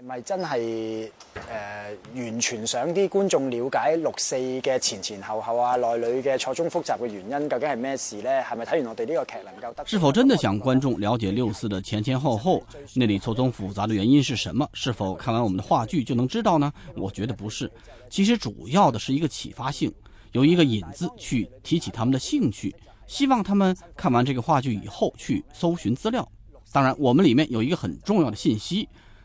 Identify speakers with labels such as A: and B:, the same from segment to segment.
A: 係咪真係誒？
B: 完全想啲觀眾了解六四嘅前前後後啊，內裏嘅錯綜複雜嘅原因究竟係咩事呢？係咪睇完我哋呢個劇能夠得到？是
C: 否真的想觀眾了解六四的前前後後、內裏錯綜複雜的原因是什麼？是否看完我們的話劇就能知道呢？我覺得不是。其實主要的是一個啟發性，由一個引子去提起他們的興趣，希望他們看完這個話劇以後去搜尋資料。當然，我們裏面有一個很重要的信息。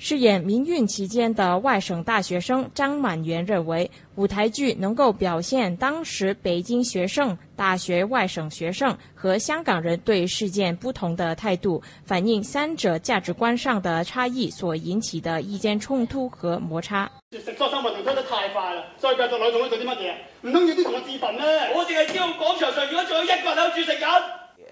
D: 飾演民運期間的外省大學生張滿元認為，舞台劇能夠表現當時北京學生、大學外省學生和香港人對事件不同的態度，反映三者價值觀上的差異所引起的意見衝突和摩擦。食
E: 沙生運動推得太快啦！再繼續來，仲要做啲乜嘢？唔通要啲同我自焚咩？我淨係知道廣場上如果仲有一人喺度煮食人。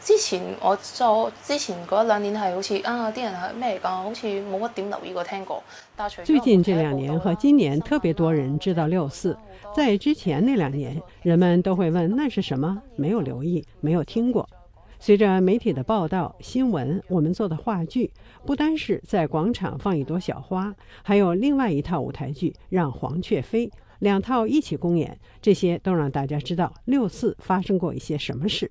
F: 之前我就之前嗰兩年係好似啊，啲人係咩嚟噶，好似冇乜點留意過聽過。最近這兩年和今年特別多人知道六四，在之前那兩年，人們都會問，那是什麼？沒有留意，沒有聽過。隨着媒體的報道、新聞，我們做的話劇不單是在廣場放一朵小花，還有另外一套舞台劇讓黃雀飛兩套一起公演，這些都讓大家知道六四發生過一些什麼事。